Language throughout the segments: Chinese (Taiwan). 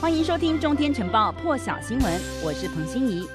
歡迎收聽《中天晨報》破曉新聞，我是彭欣怡。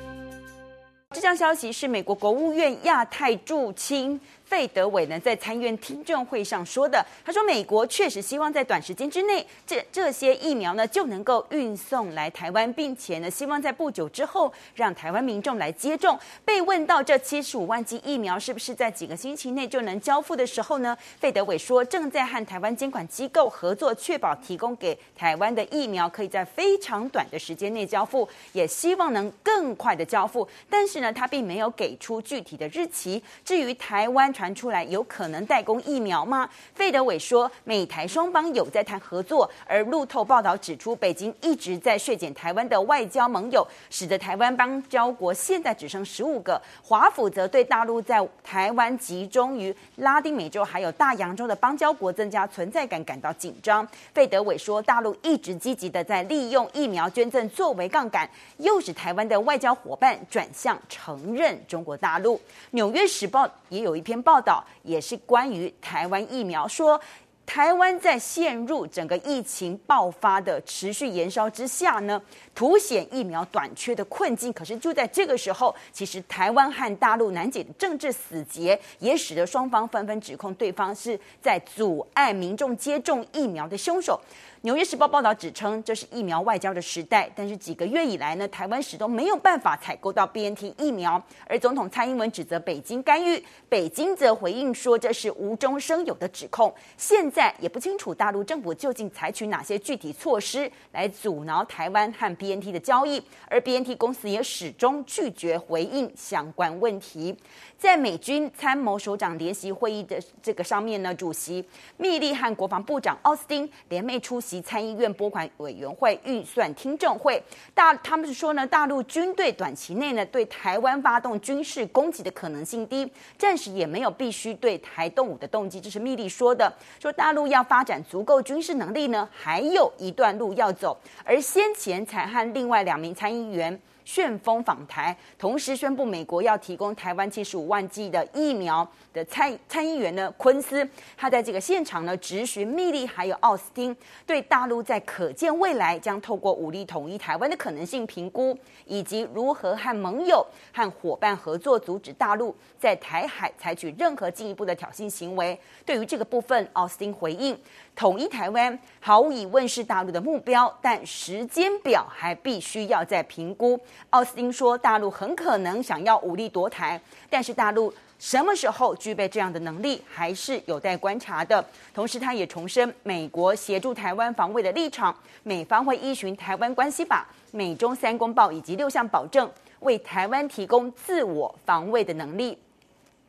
這項消息是美國國務院亞太助卿。費德瑋呢，在參院聽證會上說的，他說美國確實希望在短時間之內，這這些疫苗呢就能夠運送來台灣，並且呢，希望在不久之後讓台灣民眾來接種。被問到這七十五萬劑疫苗是不是在幾個星期內就能交付的時候呢，費德瑋說正在和台灣監管機構合作，確保提供給台灣的疫苗可以在非常短的時間內交付，也希望能更快的交付，但是呢，他並沒有給出具體的日期。至於台灣。傳出來有可能代工疫苗嗎？費德瑋說，美台雙方有在談合作。而路透報道指出，北京一直在削減台灣的外交盟友，使得台灣邦交國現在只剩十五個。華府則對大陸在台灣集中於拉丁美洲還有大洋洲的邦交國增加存在感感到緊張。費德瑋說，大陸一直積極地在利用疫苗捐贈作為槓桿，誘使台灣的外交夥伴轉向承認中國大陸。紐約時報也有一篇報。報道也是關於台灣疫苗，說台灣在陷入整個疫情爆發的持續延燒之下呢，凸顯疫苗短缺的困境。可是就在這個時候，其實台灣和大陸難解的政治死結，也使得雙方紛紛指控對方是在阻礙民眾接種疫苗的凶手。紐約時報報道指稱，這是疫苗外交的時代。但是幾個月以來呢，台灣始終沒有辦法採購到 B N T 疫苗，而總統蔡英文指責北京干預，北京則回應說這是無中生有的指控。現在也不清楚大陸政府究竟採取哪些具體措施來阻撓台灣和 B N T 的交易，而 B N T 公司也始終拒絕回應相關問題。在美軍參謀首長聯席會議的這個上面呢，主席密利和國防部長奧斯汀聯袂出席。及參議院撥款委員會預算聽證會，大他們是說呢，大陸軍隊短期內呢對台灣發動軍事攻擊的可能性低，暫時也沒有必須對台動武的動機。這是密利說的，說大陸要發展足夠軍事能力呢，還有一段路要走。而先前才和另外兩名參議員。旋風訪台，同時宣布美國要提供台灣七十五萬劑的疫苗的參參議員呢，昆斯，他在這個現場呢質詢密利，還有奧斯汀，對大陸在可見未來將透過武力統一台灣的可能性評估，以及如何和盟友和夥伴合作，阻止大陸在台海採取任何進一步的挑釁行為。對於這個部分，奧斯汀回應：統一台灣毫無疑問是大陸的目標，但時間表還必須要再評估。奧斯汀說，大陸很可能想要武力奪台，但是大陸什麼時候具備這樣的能力，還是有待觀察的。同時，他也重申美國協助台灣防衛的立場，美方會依循《台灣關係法》、美中三公報以及六項保證，為台灣提供自我防衛的能力。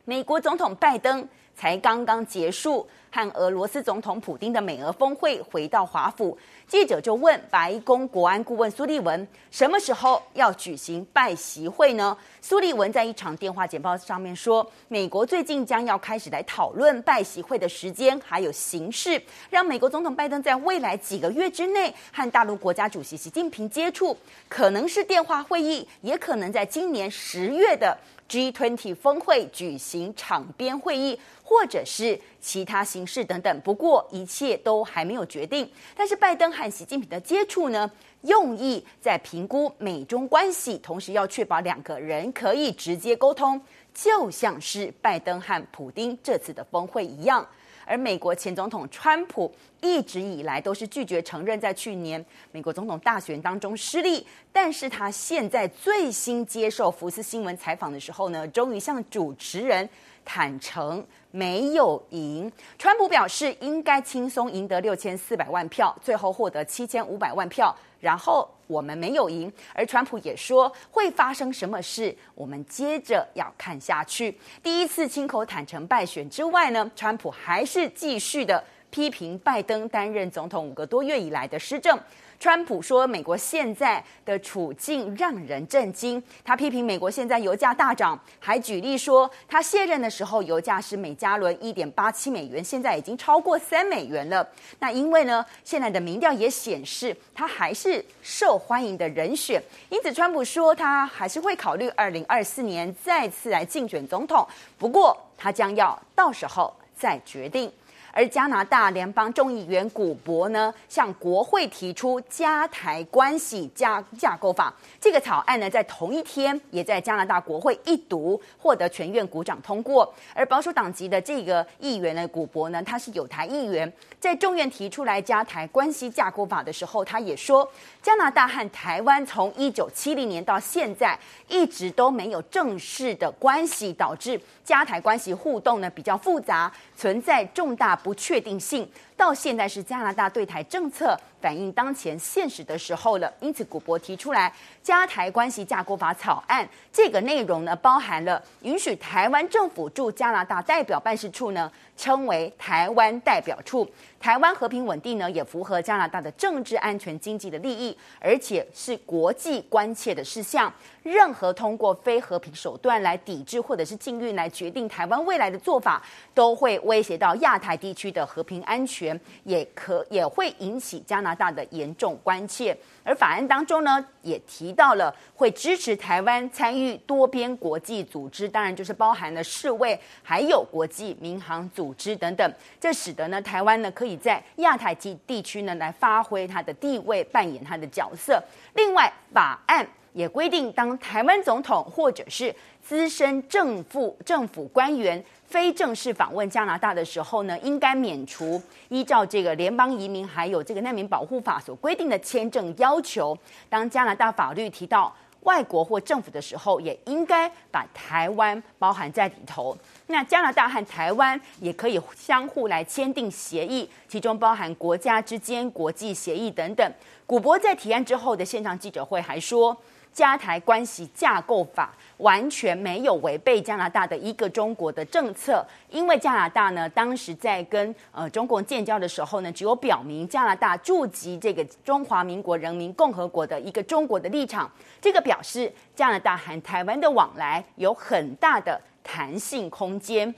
美國總統拜登。才剛剛結束和俄羅斯總統普丁的美俄峰會，回到華府，記者就問白宮國安顧問蘇利文什麼時候要舉行拜習會呢？蘇利文在一場電話簡報上面說，美國最近將要開始來討論拜習會的時間還有形式，讓美國總統拜登在未來幾個月之內和大陸國家主席習近平接觸，可能是電話會議，也可能在今年十月的。G20 峰會舉行場邊會議，或者是其他形式等等。不過一切都還沒有決定。但是拜登和習近平的接觸呢，用意在評估美中關係，同時要確保兩個人可以直接溝通，就像是拜登和普丁這次的峰會一樣。而美國前總統川普一直以來都是拒絕承認在去年美國總統大選當中失利，但是他現在最新接受福斯新聞採訪的時候呢，終於向主持人。坦承沒有贏，川普表示，應該輕鬆贏得六千四百萬票，最後獲得七千五百萬票，然後我們沒有贏。而川普也說，會發生什麼事，我們接着要看下去。第一次親口坦承敗選之外呢，川普還是繼續的批評拜登擔任總統五個多月以來的施政。川普說，美國現在的處境讓人震驚。他批評美國現在油價大漲，還舉例說，他卸任的時候油價是每加侖一點八七美元，現在已經超過三美元了。那因為呢，現在的民調也顯示他還是受歡迎的人選，因此川普說他還是會考慮二零二四年再次來競選總統，不過他將要到時候再決定。而加拿大聯邦眾議員古柏呢，向國會提出加台關係架架構法。這個草案呢，在同一天也在加拿大國會一讀獲得全院鼓掌通過。而保守黨籍的這個議員呢，古柏呢，他是友台議員，在眾院提出來加台關係架構法的時候，他也說，加拿大和台灣從一九七零年到現在一直都沒有正式的關係，導致加台關係互動呢比較複雜，存在重大。不確定性。到現在是加拿大對台政策反映當前現實的時候了。因此，古柏提出來《加台關係架構法，法》草案，這個內容呢，包含了允許台灣政府駐加拿大代表辦事處呢稱為台灣代表處。台灣和平穩定呢，也符合加拿大的政治安全、經濟的利益，而且是國際關切的事項。任何通過非和平手段來抵制或者是禁運來決定台灣未來的做法，都會威脅到亞太地區的和平安全。也可，也會引起加拿大的嚴重關切，而法案當中呢，也提到了會支持台灣參與多邊國際組織，當然就是包含了世衛、還有國際民航組織等等，這使得呢，台灣呢可以在亞太地區呢來發揮它的地位，扮演它的角色。另外，法案，也規定，當台灣總統或者是資深政府政府官員非正式訪問加拿大的時候呢，應該免除依照這個聯邦移民還有這個難民保護法所規定的簽證要求。當加拿大法律提到外國或政府的時候，也應該把台灣包含在裡頭。那加拿大和台灣也可以相互來簽訂協議，其中包含國家之間國際協議等等。古柏在提案之後的線上記者會還說。加台關係架構法完全沒有違背加拿大的一個中國的政策，因為加拿大呢，當時在跟呃中國建交的時候呢，只有表明加拿大註及這個中華民國人民共和國的一個中國的立場，這個表示加拿大和台灣的往來有很大的彈性空間。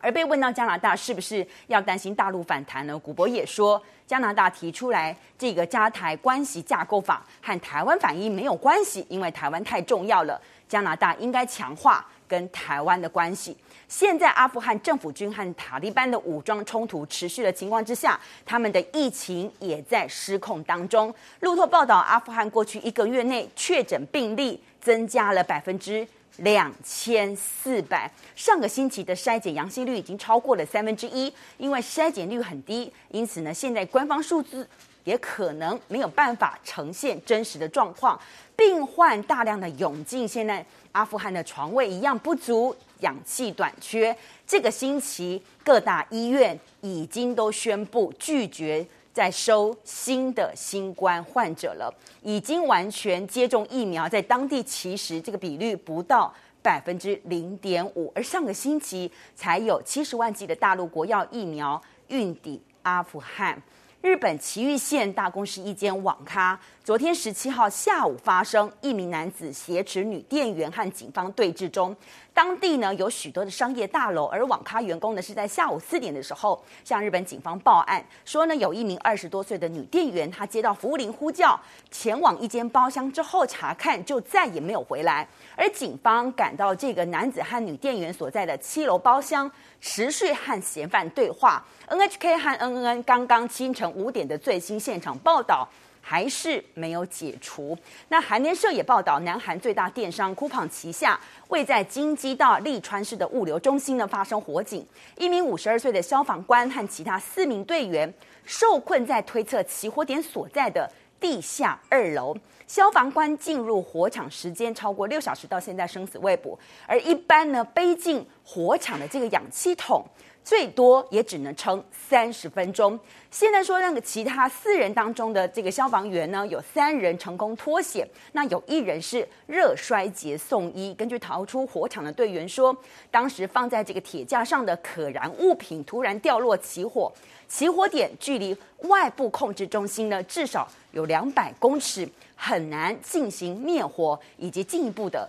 而被問到加拿大是不是要擔心大陸反彈呢？古柏也說，加拿大提出來這個加台關係架構法和台灣反應沒有關係，因為台灣太重要了，加拿大應該強化跟台灣的關係。現在阿富汗政府軍和塔利班的武裝衝突持續的情況之下，他們的疫情也在失控當中。路透報道，阿富汗過去一個月內確診病例增加了百分之。兩千四百，上個星期的篩檢陽性率已經超過了三分之一。因為篩檢率很低，因此呢，現在官方數字也可能沒有辦法呈現真實的狀況。病患大量的湧進，現在阿富汗的床位一樣不足，氧氣短缺。這個星期各大醫院已經都宣布拒絕。在收新的新冠患者了，已經完全接種疫苗，在當地其實這個比率不到百分之零點五，而上個星期才有七十萬劑的大陸國藥疫苗運抵阿富汗。日本埼玉縣大宮市一間網咖，昨天十七號下午發生一名男子挾持女店員和警方對峙中。當地呢有許多的商業大樓，而網咖員工呢是在下午四點的時候向日本警方報案，說呢有一名二十多歲的女店員，她接到服務鈴呼叫，前往一間包廂之後查看，就再也沒有回來。而警方趕到這個男子和女店員所在的七樓包廂，持續和嫌犯對話。NHK 和 NNN 剛剛清晨。五點的最新現場報道還是沒有解除。那韓聯社也報道，南韓最大電商 Coupang 旗下，位在京畿道利川市的物流中心呢發生火警，一名五十二歲的消防官和其他四名隊員受困在推測起火點所在的地下二樓。消防官進入火場時間超過六小時，到現在生死未卜。而一般呢，背進。火場的這個氧氣筒最多也只能撐三十分鐘。現在說，那個其他四人當中的這個消防員呢，有三人成功脫險，那有一人是熱衰竭送醫。根據逃出火場的隊員說，當時放在這個鐵架上的可燃物品突然掉落起火，起火點距離外部控制中心呢至少有兩百公尺，很難進行滅火以及進一步的。